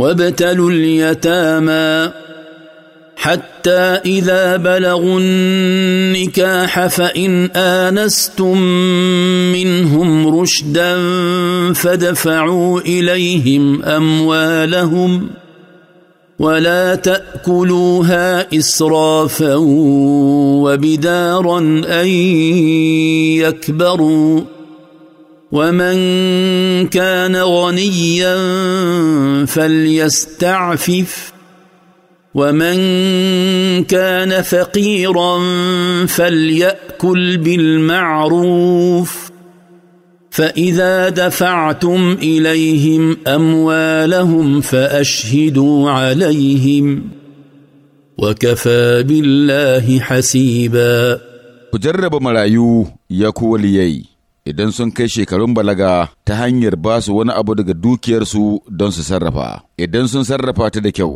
وابتلوا اليتامى حتى اذا بلغوا النكاح فان انستم منهم رشدا فدفعوا اليهم اموالهم ولا تاكلوها اسرافا وبدارا ان يكبروا ومن كان غنيا فليستعفف ومن كان فقيرا فليأكل بالمعروف فإذا دفعتم إليهم أموالهم فأشهدوا عليهم وكفى بالله حسيبا ku jarraba marayu ya idan sun kai shekarun balaga ta hanyar ba su wani abu daga dukiyarsu don su sarrafa. Idan sun sarrafa ta da kyau,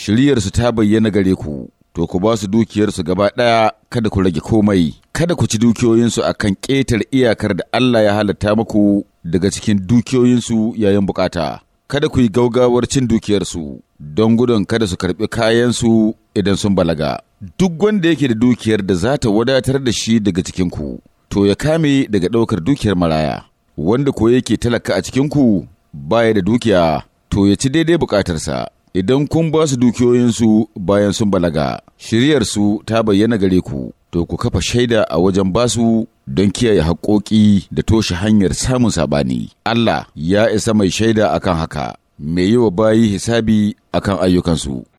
shiryarsu ta bayyana gare ku, to ku ba su dukiyarsu gaba ɗaya kada ku rage komai, kada ku ci dukiyoyinsu a kan ƙetar iyakar da Allah ya halatta muku daga cikin dukiyoyinsu yayin bukata. Kada ku yi gaugawar cin dukiyarsu don gudun kada su karɓi kayansu idan sun balaga. Duk wanda yake da dukiyar da za ta wadatar da shi daga cikinku. to ya kame daga ɗaukar dukiyar maraya, wanda ko yake talaka a cikinku baya da dukiya, to ya ci daidai bukatarsa, idan kun ba su dukiyoyinsu bayan sun balaga, shiryarsu ta bayyana gare ku, to ku kafa shaida a wajen basu don kiyaye haƙoƙi da toshe hanyar samun saɓani. Allah ya isa mai shaida akan haka, mai yi wa bayi hisabi akan ayyukansu.